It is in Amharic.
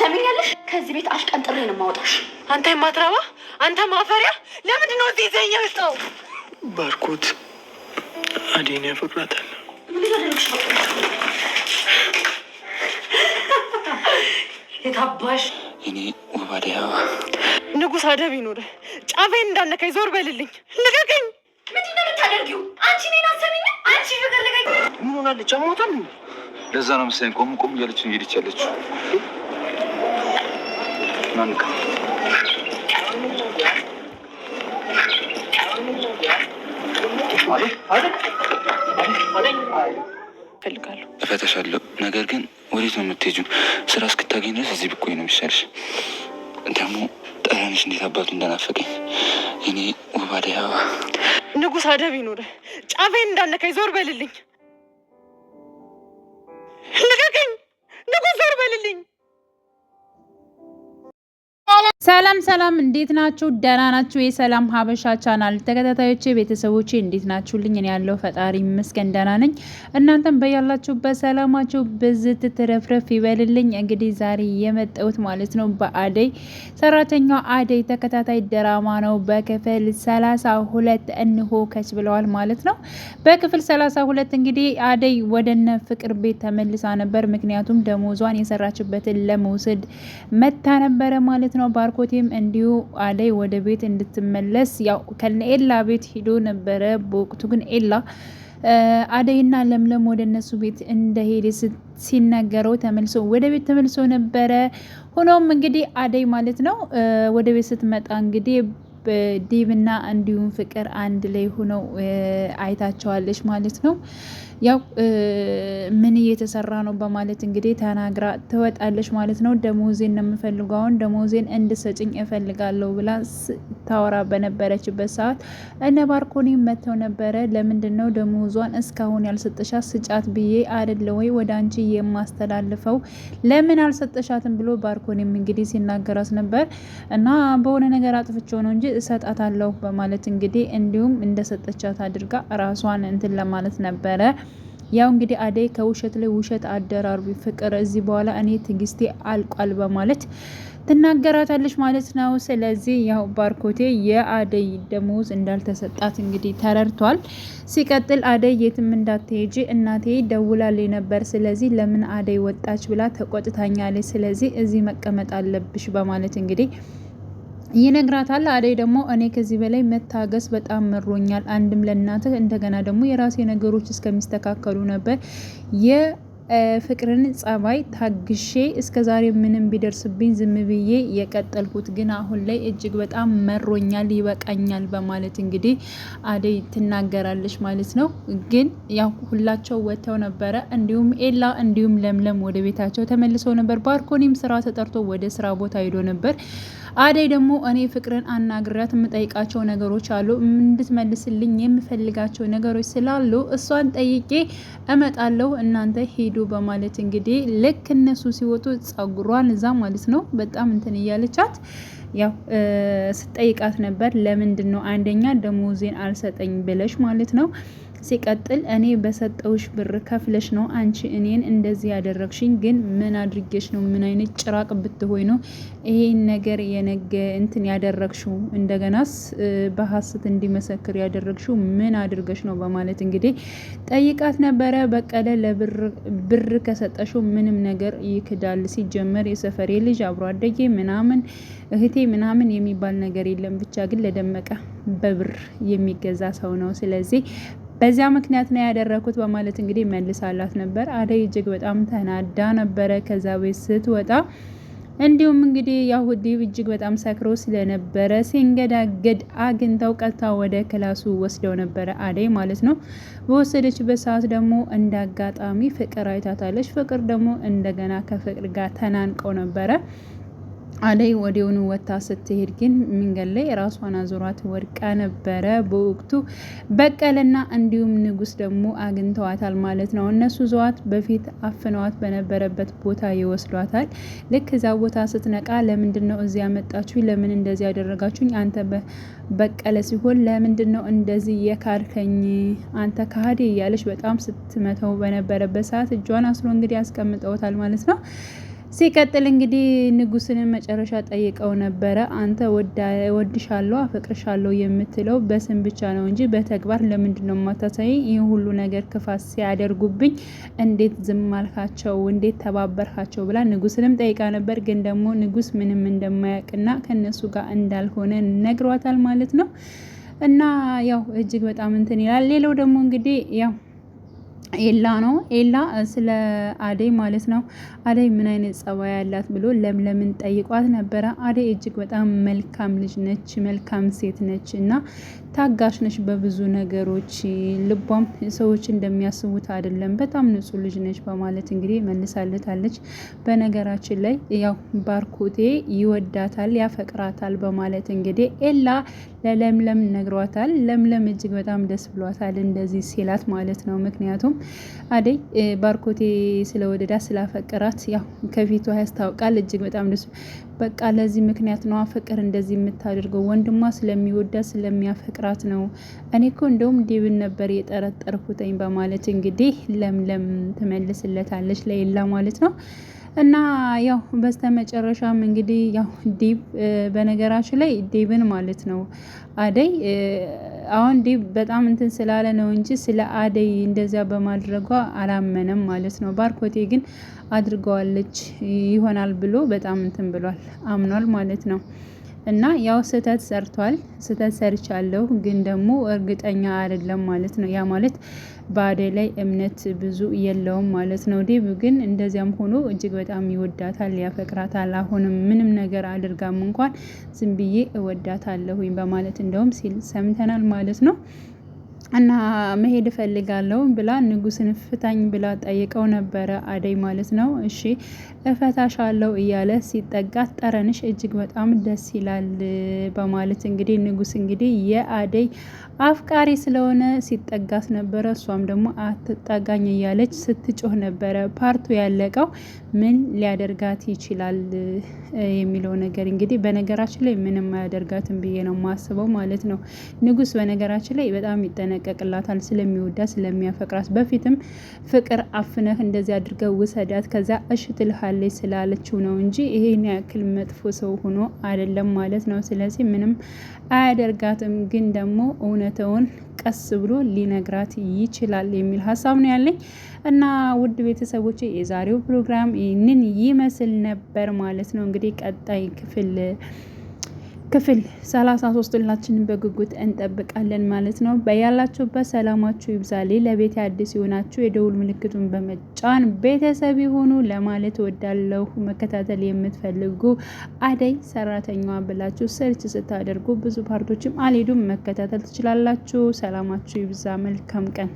ሰሚኛለሽ? ከዚህ ቤት አሽቀንጥሬ ነው የማወጣሽ። አንተ የማትረባ አንተ ማፈሪያ፣ ለምንድን ነው እዚህ ይዘኸኝ የመጣው? ባርኮት አዴን ያፈቅራታል። የታባሽ እኔ ወባዲያ ንጉስ አደብ ይኑር። ጫፌን እንዳነካኝ ዞር በልልኝ፣ ልቀቀኝ። ምንድን ነው የምታደርጊው አንቺ? እኔን አሰሚኝ አንቺ ፍቅር ልቀኝ። ምን ሆናለች? አሟታል ለዛ ነው መሰለኝ ቆም ቆም እያለች እየሄደች ያለችው። እፈልጋለሁ፣ እፈተሻለሁ። ነገር ግን ወዴት ነው የምትሄጂው? ስራ እስክታገኝ ድረስ እዚህ ብቆይ ነው የሚሻልሽ። ደግሞ ጠረንሽ እንዴት አባቱ እንደናፈቀኝ እኔ ውባዳያዋ ንጉስ አደብ ይኖረ ጫፌን እንዳነካኝ ዞር በልልኝ። ልቀቀኝ፣ ንጉሥ ዞር በልልኝ። ሰላም ሰላም፣ እንዴት ናችሁ? ደህና ናችሁ? የሰላም ሀበሻ ቻናል ተከታታዮቼ ቤተሰቦቼ እንዴት ናችሁልኝ? እኔ ያለው ፈጣሪ ይመስገን ደህና ነኝ። እናንተም በያላችሁበት ሰላማችሁ ብዝት ትረፍረፍ ይበልልኝ። እንግዲህ ዛሬ የመጣሁት ማለት ነው በአደይ ሰራተኛው አደይ ተከታታይ ድራማ ነው። በክፍል ሰላሳ ሁለት እንሆ ከች ብለዋል ማለት ነው። በክፍል ሰላሳ ሁለት እንግዲህ አደይ ወደነ ፍቅር ቤት ተመልሳ ነበር። ምክንያቱም ደሞዟን የሰራችበትን ለመውሰድ መታ ነበረ ማለት ነው ባርኮቴም እንዲሁ አደይ ወደ ቤት እንድትመለስ ያው ከነ ኤላ ቤት ሂዶ ነበረ። በወቅቱ ግን ኤላ አደይና ለምለም ወደ እነሱ ቤት እንደሄደ ሲነገረው ተመልሶ ወደ ቤት ተመልሶ ነበረ። ሆኖም እንግዲህ አደይ ማለት ነው ወደ ቤት ስትመጣ እንግዲህ ዲብና እንዲሁም ፍቅር አንድ ላይ ሆነው አይታቸዋለች ማለት ነው። ያው ምን እየተሰራ ነው በማለት እንግዲህ ተናግራ ትወጣለች ማለት ነው። ደሞዜን ነው የምፈልገው አሁን ደሞዜን እንድሰጭኝ እፈልጋለሁ ብላ ስታወራ በነበረችበት ሰዓት እነ ባርኮኒ መጥተው ነበረ። ለምንድን ነው ደሞዟን እስካሁን ያልሰጠሻት? ስጫት ብዬ አደለ ወይ ወደ አንቺ የማስተላልፈው ለምን አልሰጠሻትም? ብሎ ባርኮኒም እንግዲህ ሲናገራት ነበር እና በሆነ ነገር አጥፍቼው ነው እንጂ እሰጣታለሁ በማለት እንግዲህ እንዲሁም እንደሰጠቻት አድርጋ ራሷን እንትን ለማለት ነበረ ያው እንግዲህ አደይ ከውሸት ላይ ውሸት አደራርቢ ፍቅር እዚህ በኋላ እኔ ትግስቴ አልቋል በማለት ትናገራታለች ማለት ነው። ስለዚህ ያው ባርኮቴ የአደይ ደሞዝ እንዳልተሰጣት እንግዲህ ተረድቷል። ሲቀጥል አደይ የትም እንዳትሄጂ እናቴ ደውላል ነበር፣ ስለዚህ ለምን አደይ ወጣች ብላ ተቆጥታኛለች፣ ስለዚህ እዚህ መቀመጥ አለብሽ በማለት እንግዲህ ይነግራታል። አደይ ደግሞ እኔ ከዚህ በላይ መታገስ በጣም መሮኛል፣ አንድም ለእናትህ እንደገና ደግሞ የራሴ ነገሮች እስከሚስተካከሉ ነበር የፍቅርን ጸባይ ታግሼ እስከዛሬ ምንም ቢደርስብኝ ዝም ብዬ የቀጠልኩት፣ ግን አሁን ላይ እጅግ በጣም መሮኛል፣ ይበቃኛል በማለት እንግዲህ አደይ ትናገራለች ማለት ነው። ግን ያው ሁላቸው ወጥተው ነበረ። እንዲሁም ኤላ እንዲሁም ለምለም ወደ ቤታቸው ተመልሰው ነበር። ባርኮኒም ስራ ተጠርቶ ወደ ስራ ቦታ ሄዶ ነበር። አደይ ደግሞ እኔ ፍቅርን አናግራት የምጠይቃቸው ነገሮች አሉ፣ እንድትመልስልኝ የምፈልጋቸው ነገሮች ስላሉ እሷን ጠይቄ እመጣለሁ፣ እናንተ ሄዱ በማለት እንግዲህ ልክ እነሱ ሲወጡ ጸጉሯን እዛ ማለት ነው በጣም እንትን እያለቻት ያው ስጠይቃት ነበር። ለምንድን ነው አንደኛ ደሞዜን አልሰጠኝ ብለሽ ማለት ነው ሲቀጥል እኔ በሰጠውሽ ብር ከፍለሽ ነው አንቺ እኔን እንደዚህ ያደረግሽኝ። ግን ምን አድርጌሽ ነው? ምን አይነት ጭራቅ ብትሆይ ነው ይሄን ነገር የነገ እንትን ያደረግሽው? እንደገናስ በሀሰት እንዲመሰክር ያደረግሽው ምን አድርገሽ ነው? በማለት እንግዲህ ጠይቃት ነበረ። በቀለ ለብር ከሰጠሽው ምንም ነገር ይክዳል። ሲጀመር የሰፈሬ ልጅ አብሮ አደጌ ምናምን እህቴ ምናምን የሚባል ነገር የለም። ብቻ ግን ለደመቀ በብር የሚገዛ ሰው ነው። ስለዚህ በዚያ ምክንያት ነው ያደረኩት በማለት እንግዲህ መልሳላት ነበር። አደይ እጅግ በጣም ተናዳ ነበረ ከዛ ቤት ስትወጣ። እንዲሁም እንግዲህ ያሁዲብ እጅግ በጣም ሰክሮ ስለነበረ ሲንገዳገድ አግኝተው ቀጥታ ወደ ክላሱ ወስደው ነበረ አደይ ማለት ነው። በወሰደችበት ሰዓት ደግሞ እንደ አጋጣሚ ፍቅር አይታታለች። ፍቅር ደግሞ እንደገና ከፍቅር ጋር ተናንቀው ነበረ። አደይ ወዲያውኑ ወታ ስትሄድ ግን መንገድ ላይ ራሷን አዙሯት ወድቃ ነበረ። በወቅቱ በቀለና እንዲሁም ንጉስ ደግሞ አግኝተዋታል ማለት ነው። እነሱ ዘዋት በፊት አፍነዋት በነበረበት ቦታ ይወስዷታል። ልክ እዛ ቦታ ስትነቃ ለምንድን ነው እዚህ ያመጣችሁኝ? ለምን እንደዚህ ያደረጋችሁኝ? አንተ በቀለ ሲሆን ለምንድን ነው እንደዚህ የካድከኝ? አንተ ካህዴ እያለች በጣም ስትመተው በነበረበት ሰዓት እጇን አስሮ እንግዲህ ያስቀምጠውታል ማለት ነው። ሲቀጥል እንግዲህ ንጉስንም መጨረሻ ጠይቀው ነበረ። አንተ ወድሻለሁ፣ አፈቅርሻለሁ የምትለው በስም ብቻ ነው እንጂ በተግባር ለምንድን ነው የማታሳይ? ይህ ሁሉ ነገር ክፋት ሲያደርጉብኝ እንዴት ዝም አልካቸው? እንዴት ተባበርካቸው? ብላ ንጉስንም ጠይቃ ነበር። ግን ደግሞ ንጉስ ምንም እንደማያውቅና ከነሱ ጋር እንዳልሆነ ነግሯታል ማለት ነው። እና ያው እጅግ በጣም እንትን ይላል። ሌላው ደግሞ እንግዲህ ያው ኤላ ነው ኤላ ስለ አደይ ማለት ነው። አደይ ምን አይነት ጸባይ ያላት ብሎ ለምለምን ጠይቋት ነበረ። አደይ እጅግ በጣም መልካም ልጅ ነች፣ መልካም ሴት ነች እና ታጋሽ ነሽ በብዙ ነገሮች፣ ልቧም ሰዎች እንደሚያስቡት አይደለም፣ በጣም ንጹህ ልጅ ነች በማለት እንግዲህ መልሳለታለች። በነገራችን ላይ ያው ባርኮቴ ይወዳታል፣ ያፈቅራታል በማለት እንግዲህ ኤላ ለለምለም ነግሯታል። ለምለም እጅግ በጣም ደስ ብሏታል እንደዚህ ሲላት ማለት ነው። ምክንያቱም አደይ ባርኮቴ ስለወደዳ ስላፈቅራት ያው ከፊቷ ያስታውቃል። እጅግ በጣም ደስ በቃ ለዚህ ምክንያት ነው ፍቅር እንደዚህ የምታደርገው ወንድሟ ስለሚወዳ ስለሚያፈቅር አፍቅራት ነው። እኔ እኮ እንደውም ዲብን ነበር የጠረጠርኩትኝ በማለት እንግዲህ ለምለም ትመልስለታለች ለሌላ ማለት ነው። እና ያው በስተመጨረሻም እንግዲህ ያው ዲብ በነገራችን ላይ ዲብን ማለት ነው አደይ አሁን ዲብ በጣም እንትን ስላለ ነው እንጂ ስለ አደይ እንደዚያ በማድረጓ አላመነም ማለት ነው። ባርኮቴ ግን አድርገዋለች ይሆናል ብሎ በጣም እንትን ብሏል፣ አምኗል ማለት ነው። እና ያው ስህተት ሰርቷል፣ ስህተት ሰርቻለሁ፣ ግን ደግሞ እርግጠኛ አይደለም ማለት ነው። ያ ማለት በአደይ ላይ እምነት ብዙ የለውም ማለት ነው። ዴብ ግን እንደዚያም ሆኖ እጅግ በጣም ይወዳታል፣ ያፈቅራታል። አሁንም ምንም ነገር አድርጋም እንኳን ዝም ብዬ እወዳታለሁኝ በማለት እንደውም ሲል ሰምተናል ማለት ነው። እና መሄድ እፈልጋለሁ ብላ ንጉስን ፍታኝ ብላ ጠይቀው ነበረ አደይ ማለት ነው። እሺ እፈታሻለሁ እያለ ሲጠጋት ጠረንሽ እጅግ በጣም ደስ ይላል በማለት እንግዲህ ንጉስ እንግዲህ የአደይ አፍቃሪ ስለሆነ ሲጠጋት ነበረ። እሷም ደግሞ አትጠጋኝ እያለች ስትጮህ ነበረ። ፓርቱ ያለቀው ምን ሊያደርጋት ይችላል የሚለው ነገር እንግዲህ በነገራችን ላይ ምንም አያደርጋትም ብዬ ነው የማስበው ማለት ነው። ንጉስ በነገራችን ላይ በጣም ይጠነቀ ይለቀቅላታል። ስለሚወዳት ስለሚያፈቅራት በፊትም ፍቅር አፍነህ እንደዚህ አድርገው ውሰዳት ከዛ እሽ ትልሃለች ስላለችው ነው እንጂ ይሄን ያክል መጥፎ ሰው ሆኖ አይደለም ማለት ነው። ስለዚህ ምንም አያደርጋትም። ግን ደግሞ እውነተውን ቀስ ብሎ ሊነግራት ይችላል የሚል ሀሳብ ነው ያለኝ እና ውድ ቤተሰቦች የዛሬው ፕሮግራም ይህንን ይመስል ነበር ማለት ነው እንግዲህ ቀጣይ ክፍል ክፍል 33 ሁላችንም በጉጉት እንጠብቃለን ማለት ነው። በያላችሁበት ሰላማችሁ ይብዛሌ። ለቤት አዲስ የሆናችሁ የደውል ምልክቱን በመጫን ቤተሰብ የሆኑ ለማለት ወዳለሁ። መከታተል የምትፈልጉ አደይ ሰራተኛዋ ብላችሁ ሰርች ስታደርጉ ብዙ ፓርቶችም አልሄዱም መከታተል ትችላላችሁ። ሰላማችሁ ይብዛ። መልካም ቀን